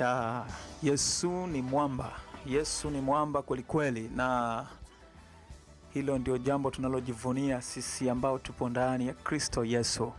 Ya, Yesu ni mwamba. Yesu ni mwamba kwelikweli, na hilo ndio jambo tunalojivunia sisi ambao tupo ndani ya Kristo Yesu.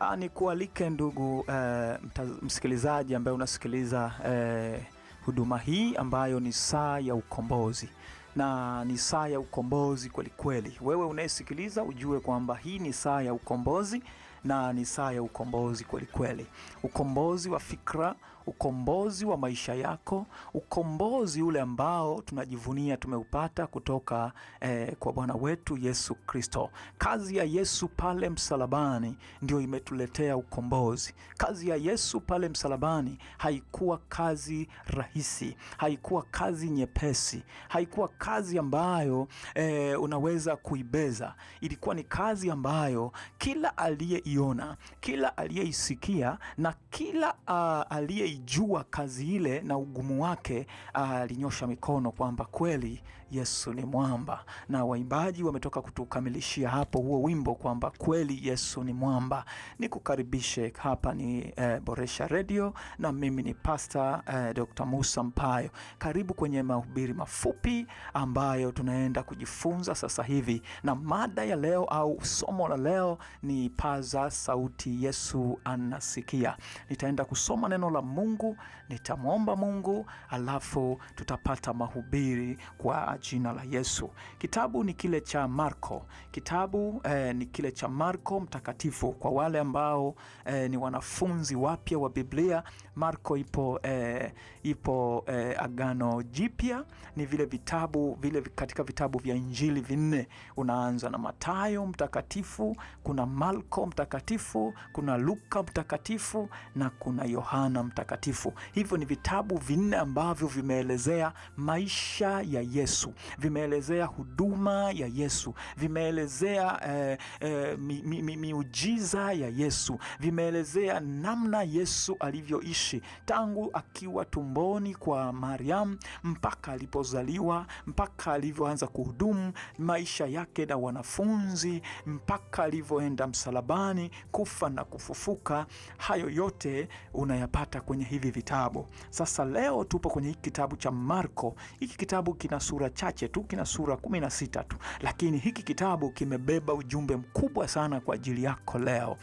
Ah, ni kualike ndugu eh, msikilizaji ambaye unasikiliza eh, huduma hii ambayo ni saa ya ukombozi na ni saa ya ukombozi kwelikweli. Wewe unayesikiliza ujue kwamba hii ni saa ya ukombozi na ni saa ya ukombozi kwelikweli, ukombozi wa fikra ukombozi wa maisha yako, ukombozi ule ambao tunajivunia tumeupata kutoka eh, kwa Bwana wetu Yesu Kristo. Kazi ya Yesu pale msalabani ndio imetuletea ukombozi. Kazi ya Yesu pale msalabani haikuwa kazi rahisi, haikuwa kazi nyepesi, haikuwa kazi ambayo eh, unaweza kuibeza. Ilikuwa ni kazi ambayo kila aliyeiona, kila aliyeisikia na kila uh, aliye alijua kazi ile na ugumu wake alinyosha mikono kwamba kweli Yesu ni mwamba, na waimbaji wametoka kutukamilishia hapo huo wimbo kwamba kweli Yesu ni mwamba. Nikukaribishe hapa ni eh, Boresha Radio na mimi ni Pastor eh, Dr. Musa Mpayo. Karibu kwenye mahubiri mafupi ambayo tunaenda kujifunza sasa hivi, na mada ya leo au somo la leo ni paza sauti, Yesu anasikia. Nitaenda kusoma neno la Mungu, nitamwomba Mungu alafu tutapata mahubiri kwa jina la Yesu. Kitabu ni kile cha Marko, kitabu eh, ni kile cha Marko mtakatifu. Kwa wale ambao eh, ni wanafunzi wapya wa Biblia, Marko ipo, eh, ipo eh, Agano Jipya, ni vile vitabu vile katika vitabu vya Injili vinne, unaanza na matayo mtakatifu, kuna Marko mtakatifu, kuna Luka mtakatifu na kuna Yohana mtakatifu. Hivyo ni vitabu vinne ambavyo vimeelezea maisha ya Yesu. Yesu, vimeelezea huduma ya Yesu, vimeelezea eh, eh, mi, mi, miujiza ya Yesu, vimeelezea namna Yesu alivyoishi tangu akiwa tumboni kwa Mariamu mpaka alipozaliwa, mpaka alivyoanza kuhudumu maisha yake na wanafunzi, mpaka alivyoenda msalabani kufa na kufufuka. Hayo yote unayapata kwenye hivi vitabu. Sasa leo tupo kwenye hiki kitabu cha Marko. Hiki kitabu kina sura chache tu, kina sura kumi na sita tu, lakini hiki kitabu kimebeba ujumbe mkubwa sana kwa ajili yako leo.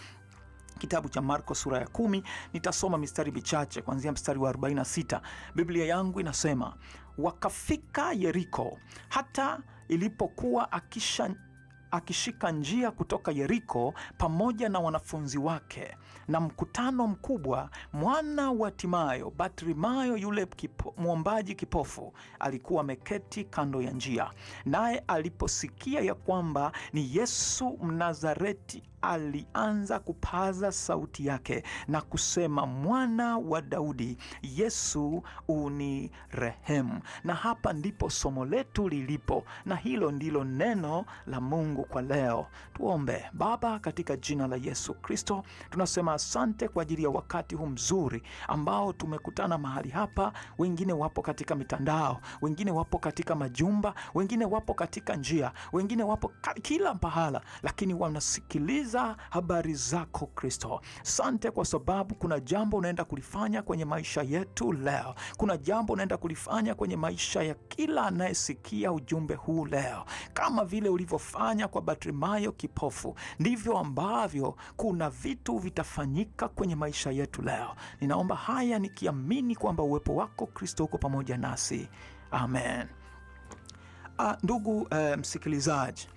Kitabu cha Marko sura ya kumi, nitasoma mistari michache kuanzia mstari wa 46. Biblia yangu inasema wakafika Yeriko, hata ilipokuwa akisha akishika njia kutoka Yeriko pamoja na wanafunzi wake na mkutano mkubwa, mwana wa Timayo, Bartimayo yule kipo, mwombaji kipofu alikuwa ameketi kando ya njia, naye aliposikia ya kwamba ni Yesu Mnazareti alianza kupaza sauti yake na kusema, mwana wa Daudi, Yesu unirehemu. Na hapa ndipo somo letu lilipo, na hilo ndilo neno la Mungu kwa leo. Tuombe. Baba, katika jina la Yesu Kristo tunasema asante kwa ajili ya wakati huu mzuri ambao tumekutana mahali hapa. Wengine wapo katika mitandao, wengine wapo katika majumba, wengine wapo katika njia, wengine wapo kila pahala, lakini wanasikiliza kusikiliza habari zako Kristo. Sante kwa sababu kuna jambo unaenda kulifanya kwenye maisha yetu leo. Kuna jambo unaenda kulifanya kwenye maisha ya kila anayesikia ujumbe huu leo. Kama vile ulivyofanya kwa Bartimayo kipofu, ndivyo ambavyo kuna vitu vitafanyika kwenye maisha yetu leo. Ninaomba haya nikiamini kwamba uwepo wako Kristo uko pamoja nasi. Amen. A, ah, ndugu eh, msikilizaji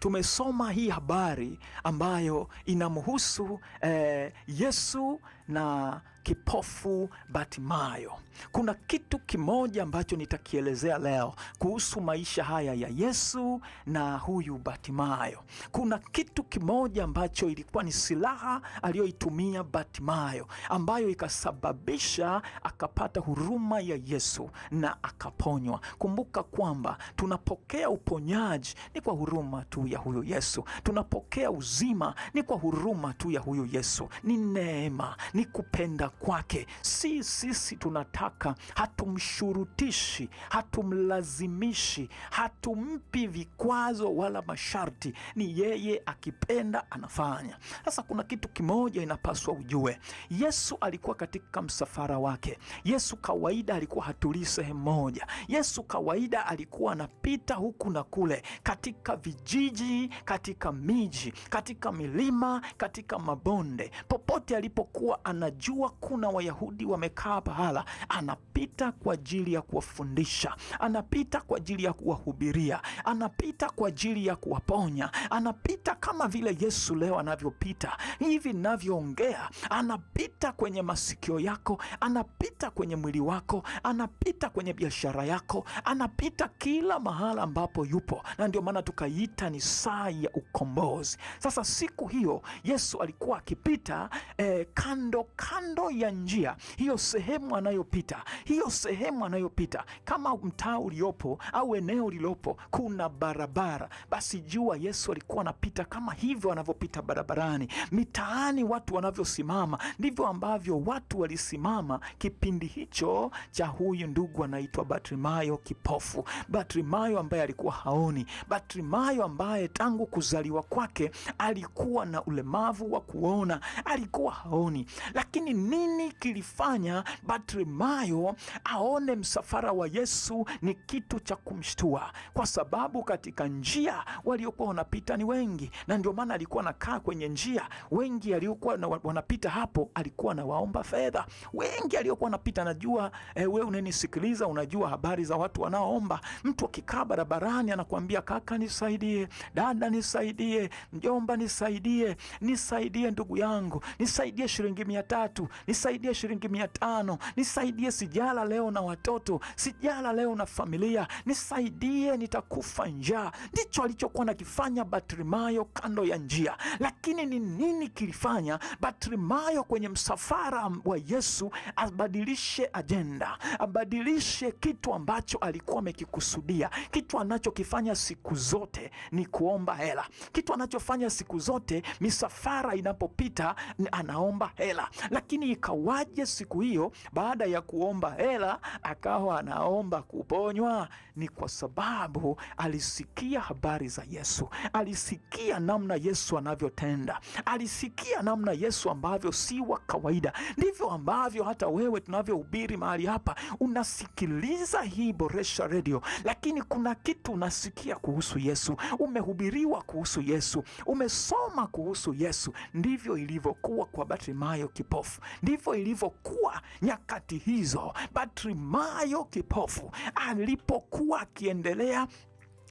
tumesoma hii habari ambayo inamhusu eh, Yesu na kipofu batimayo kuna kitu kimoja ambacho nitakielezea leo kuhusu maisha haya ya Yesu na huyu Batimayo. Kuna kitu kimoja ambacho ilikuwa ni silaha aliyoitumia Batimayo, ambayo ikasababisha akapata huruma ya Yesu na akaponywa. Kumbuka kwamba tunapokea uponyaji ni kwa huruma tu ya huyu Yesu, tunapokea uzima ni kwa huruma tu ya huyu Yesu, ni neema, ni kupenda kwake, si sisi tunataka mamlaka, hatumshurutishi, hatumlazimishi, hatumpi vikwazo wala masharti. Ni yeye akipenda anafanya. Sasa kuna kitu kimoja inapaswa ujue, Yesu alikuwa katika msafara wake. Yesu kawaida alikuwa hatulii sehemu moja. Yesu kawaida alikuwa anapita huku na kule, katika vijiji, katika miji, katika milima, katika mabonde, popote alipokuwa anajua kuna Wayahudi wamekaa pahala anapita kwa ajili ya kuwafundisha, anapita kwa ajili ya kuwahubiria, anapita kwa ajili ya kuwaponya, anapita kama vile Yesu leo anavyopita. Hivi ninavyoongea, anapita kwenye masikio yako, anapita kwenye mwili wako, anapita kwenye biashara yako, anapita kila mahala ambapo yupo, na ndio maana tukaiita ni saa ya ukombozi. Sasa siku hiyo Yesu alikuwa akipita eh, kando kando ya njia hiyo, sehemu anayopita anayopita, hiyo sehemu anayopita, kama mtaa uliopo au eneo ulilopo kuna barabara, basi jua Yesu alikuwa anapita kama hivyo anavyopita barabarani. Mitaani watu wanavyosimama, ndivyo ambavyo watu walisimama kipindi hicho cha huyu ndugu anaitwa Bartimayo kipofu, Bartimayo ambaye alikuwa haoni, Bartimayo ambaye tangu kuzaliwa kwake alikuwa na ulemavu wa kuona, alikuwa haoni. Lakini nini kilifanya Bartimayo Mathayo aone msafara wa Yesu ni kitu cha kumshtua, kwa sababu katika njia waliokuwa wanapita ni wengi, na ndio maana alikuwa anakaa kwenye njia. Wengi aliokuwa wanapita hapo alikuwa anawaomba fedha, wengi aliokuwa wanapita. Najua e, wewe unanisikiliza, unajua habari za watu wanaoomba. Mtu akikaa barabarani anakuambia kaka, nisaidie, dada, nisaidie, mjomba, nisaidie, nisaidie, ndugu yangu, nisaidie shilingi mia tatu, nisaidie shilingi mia tano, nisaidie nisaidie, sijala leo na watoto, sijala leo na familia, nisaidie, nitakufa njaa. Ndicho alichokuwa nakifanya batrimayo kando ya njia. Lakini ni nini kilifanya batrimayo kwenye msafara wa Yesu abadilishe ajenda, abadilishe kitu ambacho alikuwa amekikusudia? Kitu anachokifanya siku zote ni kuomba hela, kitu anachofanya siku zote misafara inapopita anaomba hela. Lakini ikawaje siku hiyo baada ya kuomba hela akawa anaomba kuponywa, ni kwa sababu alisikia habari za Yesu, alisikia namna Yesu anavyotenda, alisikia namna Yesu ambavyo si wa kawaida. Ndivyo ambavyo hata wewe tunavyohubiri mahali hapa, unasikiliza hii Boresha Redio, lakini kuna kitu unasikia kuhusu Yesu, umehubiriwa kuhusu Yesu, umesoma kuhusu Yesu. Ndivyo ilivyokuwa kwa Bartimayo kipofu, ndivyo ilivyokuwa nyakati hii hizo. Bartimayo kipofu alipokuwa akiendelea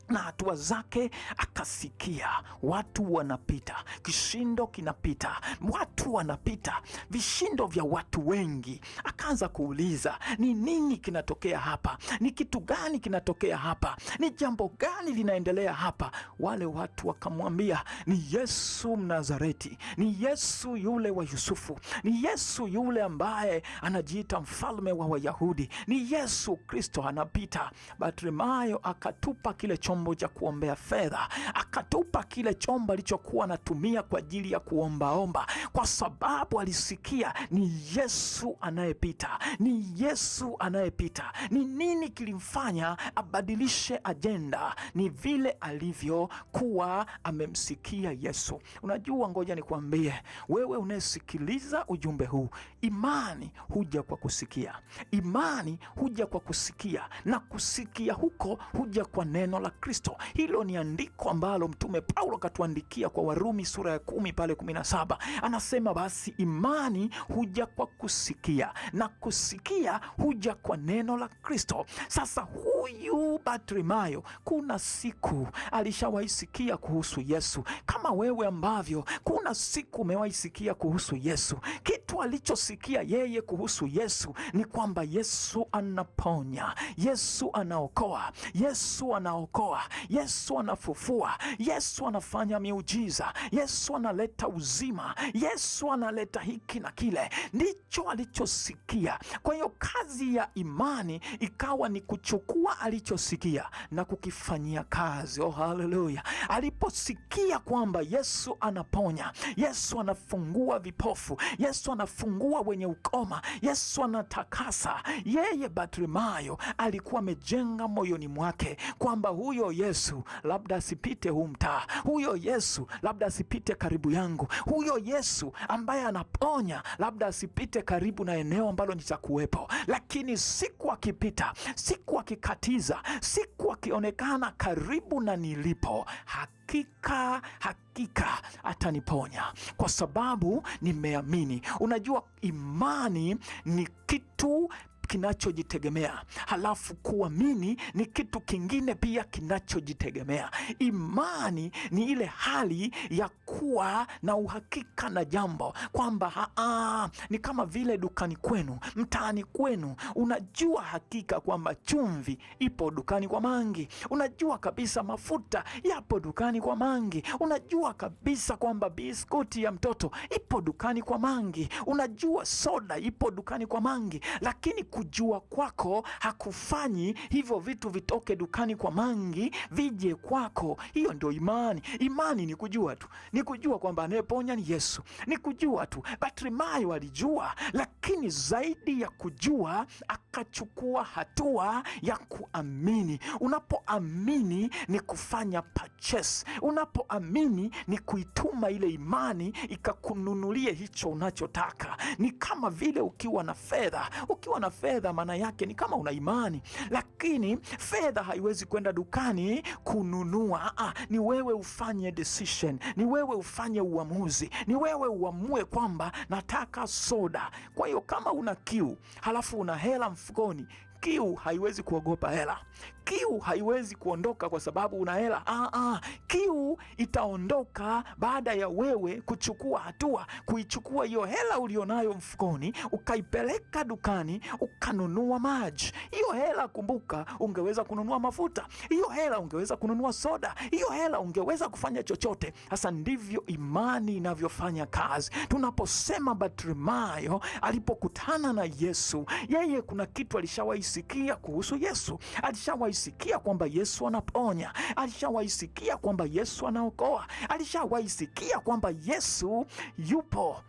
na hatua zake akasikia. Watu wanapita, kishindo kinapita, watu wanapita, vishindo vya watu wengi. Akaanza kuuliza, ni nini kinatokea hapa? Ni kitu gani kinatokea hapa? Ni jambo gani linaendelea hapa? Wale watu wakamwambia, ni Yesu Mnazareti, ni Yesu yule wa Yusufu, ni Yesu yule ambaye anajiita mfalme wa Wayahudi, ni Yesu Kristo anapita. Bartimayo akatupa kile chombo chombo cha kuombea fedha, akatupa kile chombo alichokuwa anatumia kwa ajili ya kuombaomba, kwa sababu alisikia ni Yesu anayepita, ni Yesu anayepita. Ni nini kilimfanya abadilishe ajenda? Ni vile alivyokuwa amemsikia Yesu. Unajua, ngoja nikwambie wewe unayesikiliza ujumbe huu, imani huja kwa kusikia, imani huja kwa kusikia, na kusikia huko huja kwa neno la Kristo. Hilo ni andiko ambalo mtume Paulo akatuandikia kwa Warumi sura ya kumi pale kumi na saba anasema basi imani huja kwa kusikia na kusikia huja kwa neno la Kristo. Sasa huyu Bartimayo kuna siku alishawaisikia kuhusu Yesu kama wewe ambavyo kuna siku umewaisikia kuhusu Yesu. Kitu alichosikia yeye kuhusu Yesu ni kwamba Yesu anaponya, Yesu anaokoa, Yesu anaokoa anafufua, Yesu anafufua, Yesu anafanya miujiza, Yesu analeta uzima, Yesu analeta hiki na kile. Ndicho alichosikia. Kwa hiyo kazi ya imani ikawa ni kuchukua alichosikia na kukifanyia kazi. Oh, haleluya! Aliposikia kwamba Yesu anaponya, Yesu anafungua vipofu, Yesu anafungua wenye ukoma, Yesu anatakasa, yeye Bartimayo alikuwa amejenga moyoni mwake kwamba huyo huyo Yesu labda asipite huu mtaa, huyo Yesu labda asipite karibu yangu, huyo Yesu ambaye anaponya labda asipite karibu na eneo ambalo nitakuwepo. Lakini siku akipita, siku akikatiza, siku akionekana karibu na nilipo, hakika hakika ataniponya kwa sababu nimeamini. Unajua, imani ni kitu kinachojitegemea. Halafu kuamini ni kitu kingine pia kinachojitegemea. Imani ni ile hali ya kuwa na uhakika na jambo kwamba ah, ah, ni kama vile dukani kwenu, mtaani kwenu, unajua hakika kwamba chumvi ipo dukani kwa mangi, unajua kabisa mafuta yapo dukani kwa mangi, unajua kabisa kwamba biskuti ya mtoto ipo dukani kwa mangi, unajua soda ipo dukani kwa mangi, lakini kujua kwako hakufanyi hivyo vitu vitoke dukani kwa mangi vije kwako. Hiyo ndio imani. Imani ni kujua tu, ni kujua kwamba anayeponya ni Yesu, ni kujua tu. Bartimayo alijua, lakini lakini zaidi ya kujua akachukua hatua ya kuamini. Unapoamini ni kufanya purchase, unapoamini ni kuituma ile imani ikakununulie hicho unachotaka. Ni kama vile ukiwa na fedha, ukiwa na fedha maana yake ni kama una imani, lakini fedha haiwezi kwenda dukani kununua. Ah, ah ni wewe ufanye decision, ni wewe ufanye uamuzi, ni wewe uamue kwamba nataka soda. Kwa hiyo hiyo kama una kiu halafu una hela mfukoni, Kiu haiwezi kuogopa hela. Kiu haiwezi kuondoka kwa sababu una hela. Ah, ah. Kiu itaondoka baada ya wewe kuchukua hatua, kuichukua hiyo hela ulionayo mfukoni, ukaipeleka dukani, ukanunua maji. Hiyo hela, kumbuka, ungeweza kununua mafuta. Hiyo hela ungeweza kununua soda. Hiyo hela ungeweza kufanya chochote. Sasa ndivyo imani inavyofanya kazi. Tunaposema Bartimayo alipokutana na Yesu, yeye kuna kitu alishawahi alishawaisikia kuhusu Yesu, alishawaisikia kwamba Yesu anaponya, alishawaisikia kwamba Yesu anaokoa, alishawaisikia kwamba Yesu yupo.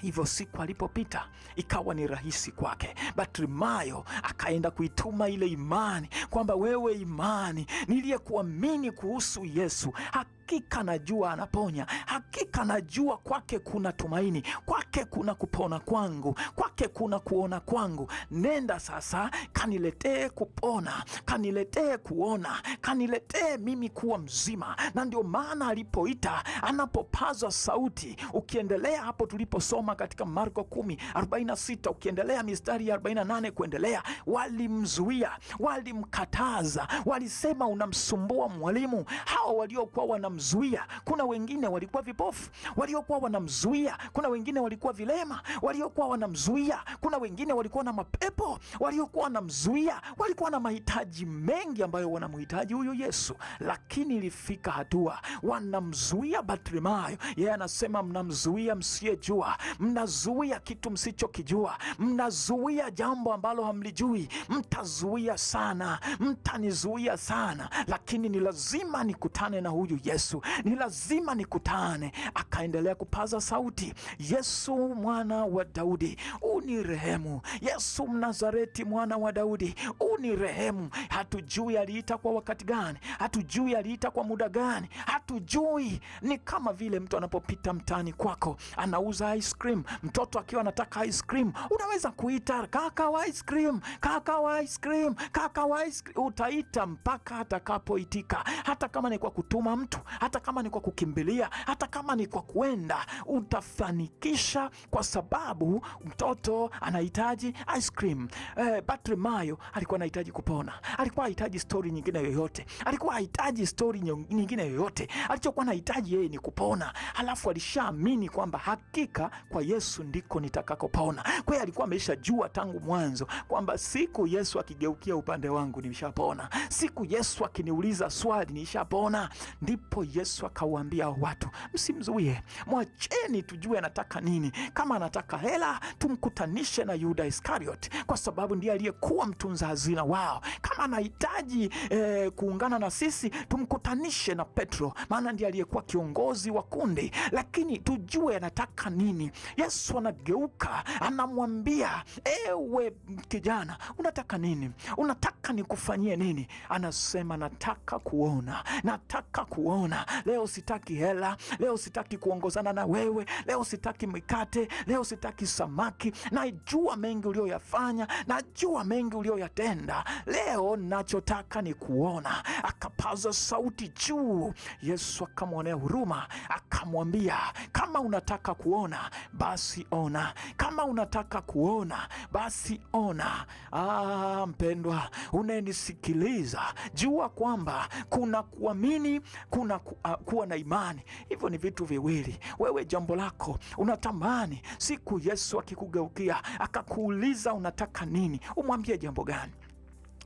Hivyo siku alipopita ikawa ni rahisi kwake. Bartimayo akaenda kuituma ile imani kwamba wewe, imani niliyekuamini kuhusu Yesu haki hakika najua anaponya, hakika najua kwake kuna tumaini, kwake kuna kupona kwangu, kwake kuna kuona kwangu. Nenda sasa, kaniletee kupona, kaniletee kuona, kaniletee mimi kuwa mzima. Na ndio maana alipoita, anapopazwa sauti, ukiendelea hapo tuliposoma katika Marko 10:46 ukiendelea mistari ya 48 kuendelea, walimzuia, walimkataza, walisema unamsumbua mwalimu. Hawa waliokuwa wana wanamzuia, kuna wengine walikuwa vipofu waliokuwa wanamzuia, kuna wengine walikuwa vilema waliokuwa wanamzuia, kuna wengine walikuwa na mapepo waliokuwa wanamzuia, walikuwa na mahitaji mengi ambayo wanamhitaji huyu Yesu, lakini ilifika hatua wanamzuia Bartimayo. Yeye anasema mnamzuia msiyejua, mnazuia kitu msichokijua, mnazuia jambo ambalo hamlijui, mtazuia sana, mtanizuia sana, lakini ni lazima nikutane na huyu Yesu. Yesu, ni lazima nikutane. Akaendelea kupaza sauti, Yesu mwana wa Daudi, unirehemu. Yesu Mnazareti, mwana wa Daudi, unirehemu. Hatujui aliita kwa wakati gani, hatujui aliita kwa muda gani, hatujui. Ni kama vile mtu anapopita mtaani kwako anauza ice cream, mtoto akiwa anataka ice cream, unaweza kuita kaka wa ice cream, kaka wa ice cream, kaka wa ice cream, utaita mpaka atakapoitika, hata kama ni kwa kutuma mtu, hata kama ni kwa kukimbilia, hata kama ni kwa kuenda, utafanikisha kwa sababu mtoto anahitaji ice cream. Eh, Padre Mayo alikuwa anahitaji kupona, alikuwa anahitaji stori nyingine yoyote, alikuwa anahitaji stori nyingine yoyote. Alichokuwa anahitaji yeye ni kupona, alafu alishaamini kwamba hakika kwa Yesu ndiko nitakakopona. Kwa hiyo alikuwa ameshajua tangu mwanzo kwamba siku Yesu akigeukia upande wangu nimeshapona, siku Yesu akiniuliza swali nishapona. Ndipo Yesu akawaambia watu, msimzuie, mwacheni tujue anataka nini. Kama anataka hela, tumkutanishe na Yuda Iskariot, kwa sababu ndiye aliyekuwa mtunza hazina wao. Kama anahitaji eh, kuungana na sisi, tumkutanishe na Petro, maana ndiye aliyekuwa kiongozi wa kundi, lakini tujue anataka nini. Yesu anageuka, anamwambia ewe kijana, unataka nini? Unataka nikufanyie nini? Anasema nataka kuona, nataka kuona Bwana, leo sitaki hela, leo sitaki kuongozana na wewe, leo sitaki mikate, leo sitaki samaki. Najua mengi uliyoyafanya, najua mengi uliyoyatenda, leo nachotaka ni kuona. Akapaza sauti juu. Yesu akamwonea huruma, akamwambia kama unataka kuona basi ona, kama unataka kuona basi ona. Ah, mpendwa unayenisikiliza, jua kwamba kuna kuamini, kuna ku, a, kuwa na imani. Hivyo ni vitu viwili. Wewe jambo lako unatamani siku Yesu akikugeukia akakuuliza unataka nini, umwambie jambo gani?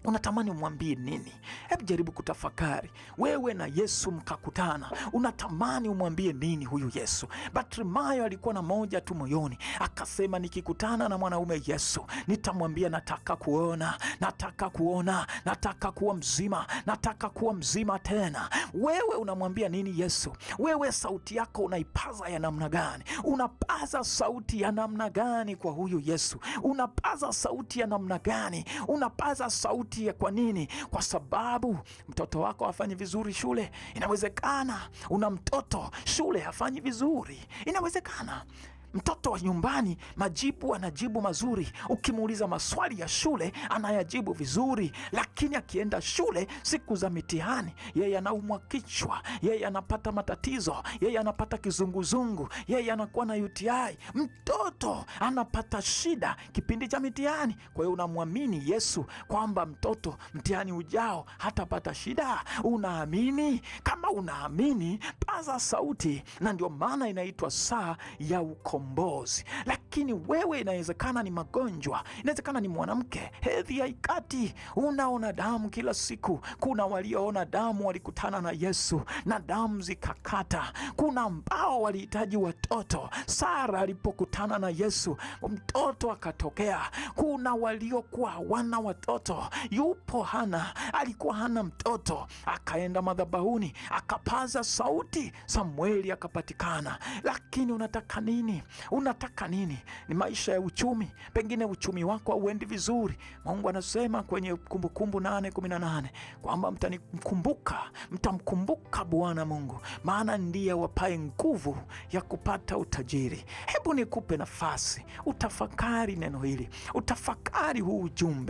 Unatamani umwambie nini? Hebu jaribu kutafakari, wewe na Yesu mkakutana, unatamani umwambie nini huyu Yesu? Bartimayo alikuwa na moja tu moyoni, akasema nikikutana na mwanaume Yesu nitamwambia nataka kuona, nataka kuona, nataka kuwa mzima, nataka kuwa mzima tena. Wewe unamwambia nini Yesu? Wewe sauti yako unaipaza ya namna gani? Unapaza sauti ya namna gani kwa huyu Yesu? Unapaza sauti ya namna gani? Unapaza sauti kuvutia. Kwa nini? Kwa sababu mtoto wako hafanyi vizuri shule. Inawezekana una mtoto shule hafanyi vizuri, inawezekana Mtoto wa nyumbani majibu anajibu mazuri, ukimuuliza maswali ya shule anayajibu vizuri, lakini akienda shule siku za mitihani, yeye anaumwa kichwa, yeye anapata matatizo, yeye anapata kizunguzungu, yeye anakuwa na UTI. Mtoto anapata shida kipindi cha mitihani. Kwa hiyo unamwamini Yesu kwamba mtoto mtihani ujao hatapata shida? Unaamini? Kama unaamini, paza sauti, na ndio maana inaitwa saa ya uko ukombozi. Lakini wewe, inawezekana ni magonjwa, inawezekana ni mwanamke, hedhi haikati, unaona damu kila siku. Kuna walioona damu walikutana na Yesu na damu zikakata. Kuna ambao walihitaji watoto, Sara alipokutana na Yesu mtoto akatokea. Kuna waliokuwa hawana watoto, yupo Hana alikuwa hana mtoto, akaenda madhabahuni akapaza sauti, Samueli akapatikana. Lakini unataka nini? Unataka nini? Ni maisha ya uchumi, pengine uchumi wako hauendi vizuri. Mungu anasema kwenye Kumbukumbu nane nane kwamba mtanikumbuka, mtamkumbuka Bwana Mungu, maana ndiye wapae nguvu ya kupata utajiri. Hebu nikupe nafasi utafakari neno hili, utafakari huu ujumbe.